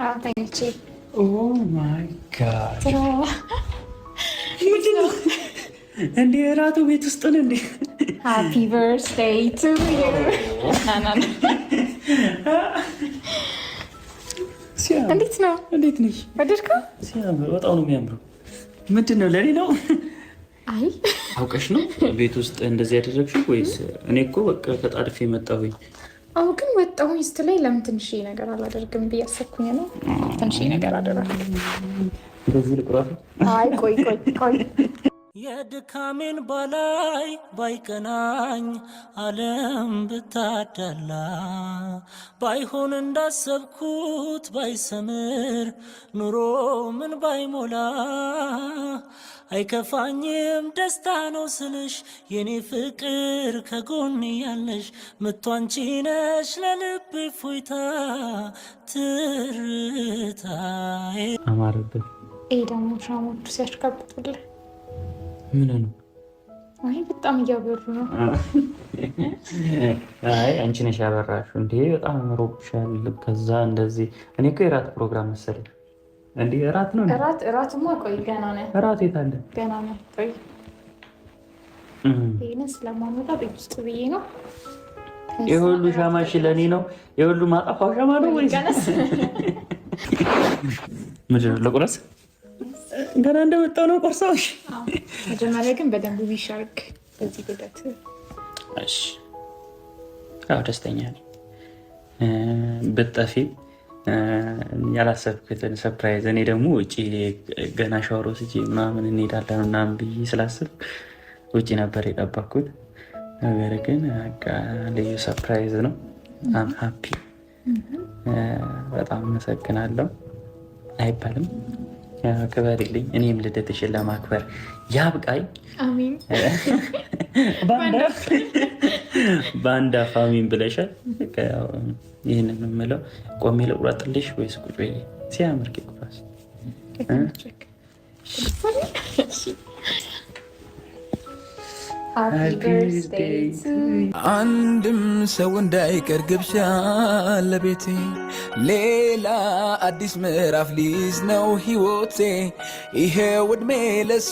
Oh, thank you. Oh my god. En die raad om het te en Happy birthday to you. Oh. Na, na, en dit nou? Wat is niet. Wat is het? wat al meer, bro. Moet je nou, nou? Ai. Ook als nog weet hoe het zo is. Eh. En ik ik አሁ ግን ወጣሁ ሚስት ላይ ለምን ትንሽ ነገር አላደርግም ብዬ አሰብኩኝ ነው። ትንሽ ነገር አደረግ። አይ ቆይ ቆይ ቆይ የድካሜን በላይ ባይቀናኝ ዓለም ብታደላ ባይሆን እንዳሰብኩት ባይሰምር ኑሮ ምን ባይሞላ አይከፋኝም ደስታ ነው ስልሽ የኔ ፍቅር ከጎን ያለሽ ምቷንቺ ነሽ ለልብ ፎይታ ትርታ አማረብን ደግሞ ድራሞቹ ሲያሽቃብጡልህ ምን ነው? አይ በጣም እያበሩ ነው። አይ አንቺ ነሽ ያበራሽው። እንዴ በጣም ሮብሻል። ከዛ እንደዚህ እኔ እኮ የራት ፕሮግራም መሰለኝ። እንዴ እራት ነው? እራት እራትማ፣ ቆይ ገና ነው። እራት የት አለ? ገና ነው። ቆይ ይሄንን ስለማመጣ ቤት ውስጥ ብዬ ነው። የሁሉ ሻማሽ ለእኔ ነው። የሁሉ ማጠፋው ሻማ ነው ወይስ ምንድን ለቁረስ ገና እንደመጣው ነው ቆርሰዎች። መጀመሪያ ግን በደንብ ቢሻርክ በዚህ ጉዳት ያው ደስተኛ ነኝ። ብጠፊ ያላሰብክትን ሰፕራይዝ እኔ ደግሞ ውጭ ገና ሻወር ወስጄ ምናምን እንሄዳለን ምናምን ብዬ ስላስብ ውጭ ነበር የጠበኩት። ነገር ግን ልዩ ሰፕራይዝ ነው። በጣም ሀፒ። በጣም አመሰግናለሁ አይባልም ክበሪልኝ፣ እኔም ልደትሽን ለማክበር ያብቃኝ። በአንድ አፍ አሜን ብለሻል። ይህን የምለው ቆሜ ልቁረጥልሽ ወይስ ቁጭ ብዬ? ሲያምር ቁራስ አንድም ሰው እንዳይቀር ግብዣ ለቤቴ ሌላ አዲስ ምዕራፍ ሊይዝ ነው ሕይወቴ። ይሄው ዕድሜ ለሷ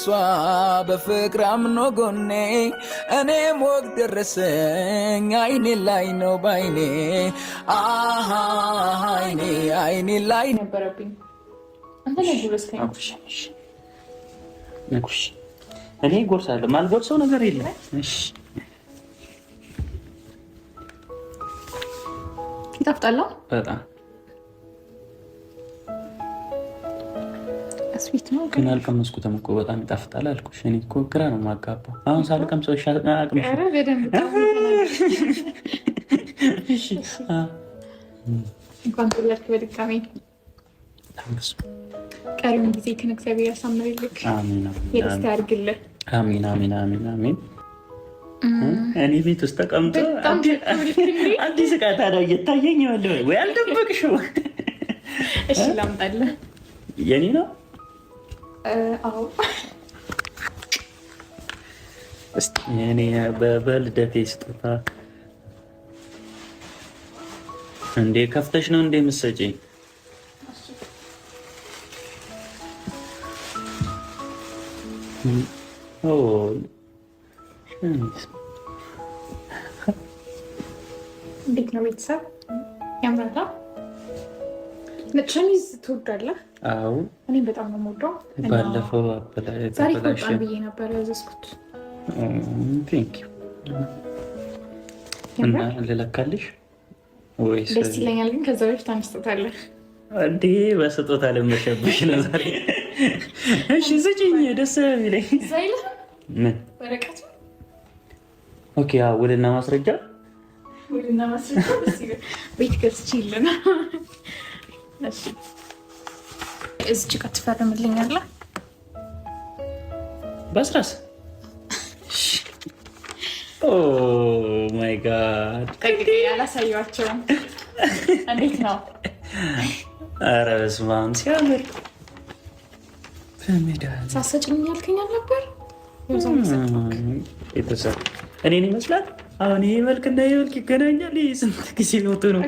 በፍቅር አምኖ ጎኔ እኔም ወግ ደረሰኝ አይኔ ላይ ነው ባይኔ አይኔ አይኔ ላይ ነበረብኝ እኔ ጎርሳለሁ። ማልጎርሰው ነገር የለም። ይጣፍጣል በጣም ስዊት ነው ግን አልቀመስኩትም እኮ በጣም ይጣፍጣል አልኩሽ። እኔ እኮ ግራ ነው የማጋባው አሁን ሳልቀምሰው አቅምሽ እንኳን ቀሪውን ጊዜ ከእግዚአብሔር ያሳምርልክ፣ የደስታ ያድርግልህ። አሚን አሚን አሚን አሚን። እኔ ቤት ውስጥ ተቀምጦ አዲስ ዕቃ ታዲያ እየታየኝ ያለ ወይ አልደበቅሽው? እሺ ላምጣልህ። የኔ ነው። እኔ በልደቴ ስጦታ እንዴ ከፍተሽ ነው እንዴ የምትሰጪኝ? እንዴት ነው ቤተሰብ? ያምራላ። ሸሚዝ ትወዳለህ? አዎ፣ እኔ በጣም ነው የምወደው። ባለፈው ዛሬ ብዬ ነበር ያዘዝኩት። እና ልለካልሽ ወይስ ደስ ይለኛል፣ ግን ከዛ በፊት አንስጦታለህ እንዴ? በስጦታ ልመሸብሽ ነው ዛሬ። እሺ ስጪኝ፣ ደስ የሚለኝ ምን ወረቀቱ? ኦኬ አዎ፣ ውልና ማስረጃ ውልና ማስረጃ ቤት ገዝቼ ይልና እሺ፣ እዚህ ጋር ትፈርምልኛለህ በስራስ ኦ ማይ ጋድ እንግዲህ አላሳየኋቸውም። እንዴት ነው? ኧረ በስመ አብ ሲያምር። ሳሰጭኝ ያልከኝ አልነበር? ቤተሰብ እኔን ይመስላል። አሁን ይህ መልክ እና ይህ መልክ ይገናኛል። ይህ ስንት ጊዜ ሎቶ ነው።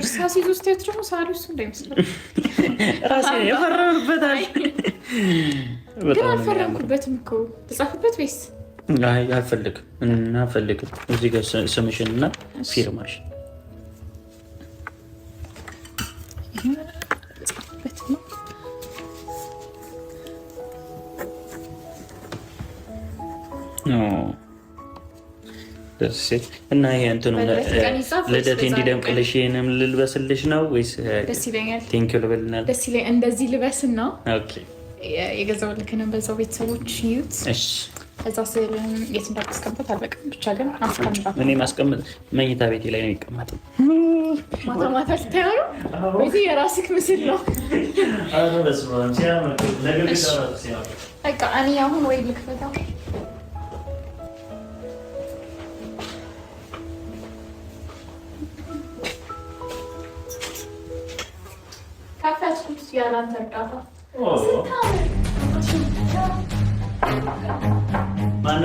ራሴ የፈረምበታል ግን አልፈረምኩበትም እኮ ተጻፍበት ቤስ አልፈልግም እና አልፈልግም። እዚህ ጋር ስምሽን እና ፊርማሽን እና ይሄ እንትኑ ልደቴ እንዲደምቅልሽ ይህንም ልልበስልሽ ነው ወይስ ደስ ይለኛል? ደስ ይለኛል። እንደዚህ ልበስ ነው የገዛው። ልክን በዛው ቤተሰቦች ይዩት። እዛ ስል የት እንዳስቀምጠት አልበቅም፣ ብቻ ግን አስቀምጣ። እኔ ማስቀምጥ መኝታ ቤቴ ላይ ነው ይቀመጥ። ማታ ማታ ስታየሩ ቤቴ የራስክ ምስል ነው። በቃ እኔ አሁን ወይ ልክፈታው ያላንተ እርዳታ ስታምር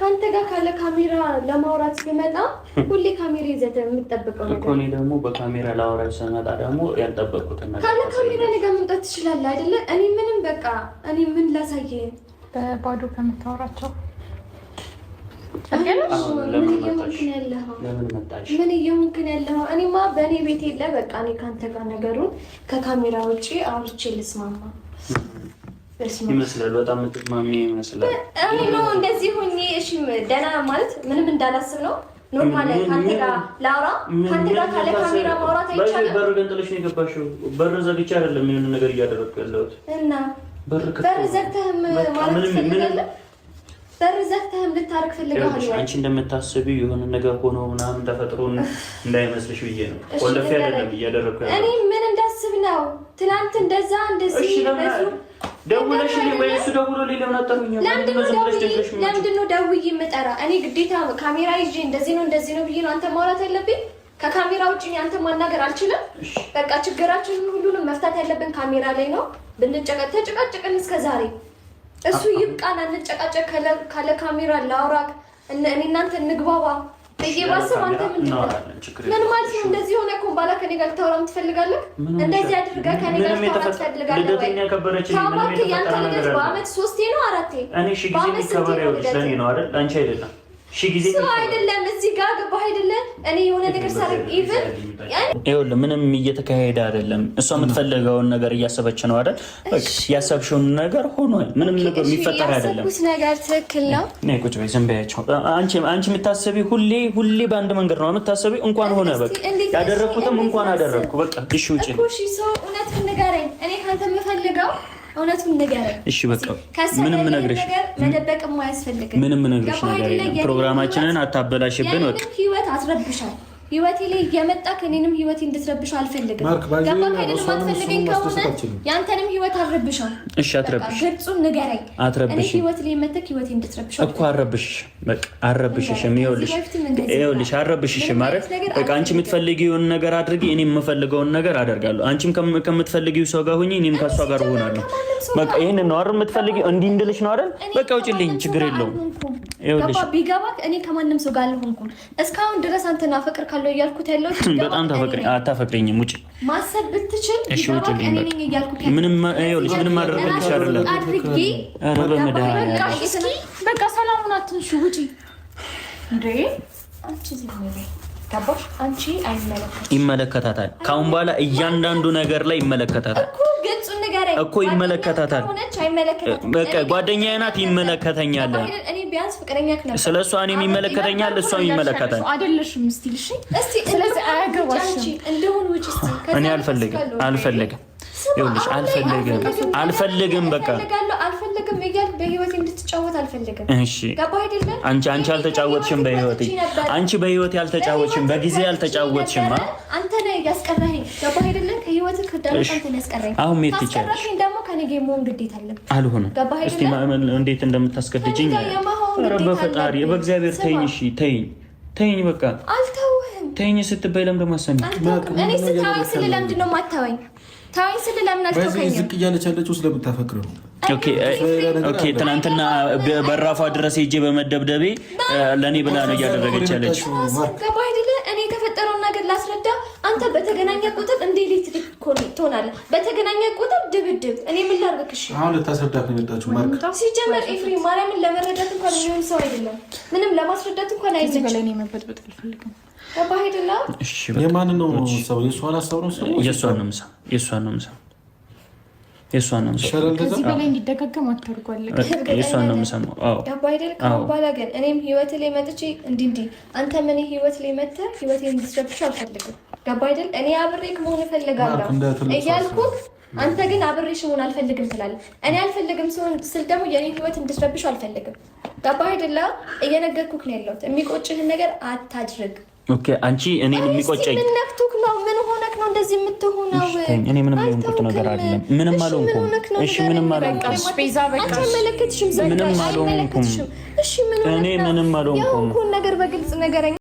ከአንተ ጋር ካለ ካሜራ ለማውራት ሲመጣ ሁሌ ካሜራ ይዘህ የምጠብቀው ነገር እኮ እኔ ደግሞ በካሜራ ላወራሽ ስመጣ ደግሞ ያልጠበቁት ነገር ካለ ካሜራ እኔ ጋር መምጣት ትችላለህ አይደለ? እኔ ምንም በቃ እኔ ምን ላሳየህ በባዶ ከምታወራቸው ምን እየሆንክን ያለው? እኔማ በእኔ ቤት የለ በቃ እኔ ከአንተ ጋር ነገሩን ከካሜራ ውጭ አውርቼ ልስማማ ይመስላል በጣም ምትማሚ ይመስላል። እኔ ነው እንደዚህ ሁኝ። እሺ ደህና ማለት ምንም እንዳላስብ ነው። ኖርማል ከአንተ ጋር ላውራ። ከአንተ ጋር ካለ ካሜራ ማውራት አይቻልም። በር ገንጥለሽ ነው የገባሽው። በር ዘግቼ አይደለም የሆነ ነገር እያደረግኩ ያለሁት እና በር ዘግተህም ማለት ትፈልጋለህ? በር ዘግተህም ልታርቅ ፈልጋለህ? አንቺ እንደምታስቢው የሆነ ነገር ሆኖ ምናምን ተፈጥሮ እንዳይመስልሽ ብዬ ነው። ቆለፌ አይደለም እያደረግኩ ያለሁት እኔ ምን እንዳስብ ነው። ትናንት እንደዛ እንደዚህ ደውለሽ ለምንድን ነው ደውዬ የምጠራ? እኔ ግዴታ ካሜራ ይዤ እንደዚህ ነው እንደዚህ ነው ብዬ ነው አንተ ማውራት ያለብኝ። ከካሜራ ውጭ አንተ ማናገር አልችልም። በቃ ችግራችንን ሁሉንም መፍታት ያለብን ካሜራ ላይ ነው። ብንጨቀ- ተጨቃጨቅን እስከ ዛሬ እሱ ይብቃን። አንጨቃጨቅ ካለ ካሜራ ላውራክ እኔ እናንተ ንግባባ እየባሰብ አንተ ምን ማለት ነው? እንደዚህ ሆነ ኮምባላ ከኔ ጋር ልታወራም ትፈልጋለህ? እንደዚህ አድርገህ ከኔ ጋር ልታወራም ትፈልጋለህ? በአመት ሶስቴ ነው አራቴ ነው አይደል? አንቺ አይደለም ሺህ ጊዜ አይደለም እዚህ ጋር ገባህ እኔ የሆነ ነገር ሳደርግ ኢቭን ምንም እየተካሄደ አይደለም። እሷ የምትፈልገውን ነገር እያሰበች ነው አይደል? ያሰብሽውን ነገር ሆኗል። ምንም ነገር የሚፈጠር አይደለም። ነገር ትክክል ነው። ቁጭ በይ፣ ዝም በያቸው። አንቺ ሁሌ ሁሌ በአንድ መንገድ ነው የምታስቢ። እንኳን ሆነ በቃ ያደረግኩትም እንኳን አደረግኩ በቃ። እሺ ውጭ ሰው ንገረኝ። እኔ ከአንተ የምፈልገው እውነቱን ንገረኝ። እሺ በቃ ምንም ምነግርሽ መደበቅ የማያስፈልግ ምንም ምነግርሽ ነገር የለም። ፕሮግራማችንን አታበላሽብን። በቃ ህይወት አስረብሻል ህይወቴ ላይ እየመጣ ከኔንም ህይወት እንድትረብሻ አልፈልግም። ያንተንም ህይወት አልረብሻም። እሺ አትረብሽ፣ ግልጹን ንገረኝ። አትረብሽ ህይወት ላይ መተክ ህይወቴ እንድትረብሻ እኮ አረብሽ አረብሽሽም። ይኸውልሽ አረብሽሽ ማለት በቃ አንቺ የምትፈልጊውን ነገር አድርጊ፣ እኔ የምፈልገውን ነገር አደርጋለሁ። አንቺም ከምትፈልጊው ሰው ጋር ሁኚ፣ እኔም ከእሷ ጋር እሆናለሁ። በቃ ይሄን ነው አይደል የምትፈልጊው? እንዲህ እንድልሽ ነው አይደል? በቃ ውጭልኝ፣ ችግር የለውም። ይኸውልሽ ቢገባ እኔ ከማንም ሰው ጋር አልሆንኩም እስካሁን ድረስ። አንተን አፈቅር ካለው እያልኩት ያለው በጣም አታፈቅረኝም። ማሰብ ብትችል ቢገባ እኔ ምንም። ይኸውልሽ ምንም አይደለም። ኧረ በመድኃኒዓለም በቃ ሰላሙን አትንሹ። ውጪ እንዴ አንቺ ገባሽ? አንቺ አይመለከታታል። ከአሁን በኋላ እያንዳንዱ ነገር ላይ ይመለከታታል። እኮ ይመለከታታል። በቃ ጓደኛዬ ናት፣ ይመለከተኛል። ስለ እሷ እኔም ይመለከተኛል፣ እሷም ይመለከታል። እኔ አልፈልግም፣ አልፈልግም፣ ይኸውልሽ፣ አልፈልግም፣ አልፈልግም በቃ አልፈልግም እያልክ በህይወት እንድትጫወት አልፈልግም። እሺ ገባህ አይደለ? አንቺ አንቺ አልተጫወትሽም በህይወት አንቺ በህይወት ያልተጫወትሽም በጊዜ ያልተጫወትሽም አንተ ነህ ያስቀረኝ። ገባህ አይደለ? ከህይወት ክርዳን አንተ ነህ ያስቀረኸኝ። አሁን ሜት ይቻላል ደግሞ ከኔ ጋር መሆን ግዴታ አለብህ። አልሆነ ገባህ አይደለ? እስቲ እንዴት እንደምታስገድጂኝ በፈጣሪ በእግዚአብሔር ተይኝ። እሺ ተይኝ፣ ተይኝ፣ በቃ አልተውህም። ተይኝ ስትበይ ለምን ደግሞ አሰሚ እኔ ስታወኝ ስል ለምንድን ነው የማታወኝ? ታወኝ ስል ለምን አልተውከኝም? ዝቅ እያለች ያለችው ስለምታፈቅር ነው ኦኬ ትናንትና በራፏ ድረስ ሄጄ በመደብደቤ ለእኔ ብላ ነው እያደረገች ያለች። እኔ የተፈጠረውን ነገር ላስረዳ። አንተ በተገናኘ ቁጥር እንደ ኤሌክትሪክ ትሆናለህ። በተገናኘ ቁጥር ድብድብ። እኔ ምን ላድርግሽ? አሁን ልታስረዳት ነው የመጣችው። ማርክ ሲጀመር ኤፍሬም ማርያምን ለመረዳት እንኳን የሚሆን ሰው አይደለም። ምንም ለማስረዳት እንኳን አይዘችበላይ መበጥበጥ አልፈልግም። የማንን ነው ሰው? የእሷን ነው ምሳ፣ የእሷን ነው ምሳ የእሷን ነው የምሰማው። እኔም ህይወት ላይ መጥቼ እንዲህ እንዲህ አንተ ምን ህይወት ላይ መጥተህ ህይወት እንድትረብሽ አልፈልግም። ገባ አይደል? እኔ አብሬክ መሆን እፈልጋለሁ እያልኩ አንተ ግን አብሬሽ መሆን አልፈልግም ትላለህ። እኔ አልፈልግም ሲሆን ስል ደግሞ የኔ ህይወት እንድትረብሽ አልፈልግም። ገባ አይደላ? እየነገርኩህ ነው ያለሁት። የሚቆጭህን ነገር አታድርግ አንቺ እኔ የሚቆጨኝ ምን ነክቶክ ነው? ምን ሆነክ ነው እንደዚህ የምትሆነው? እኔ ምንም የሆንኩት ነገር አይደለም። ምንም አልሆንኩም። እሺ ምንም አልሆንኩም። ምንም አልሆንኩም። እሺ ምንም ነገር በግልጽ ነገረኝ።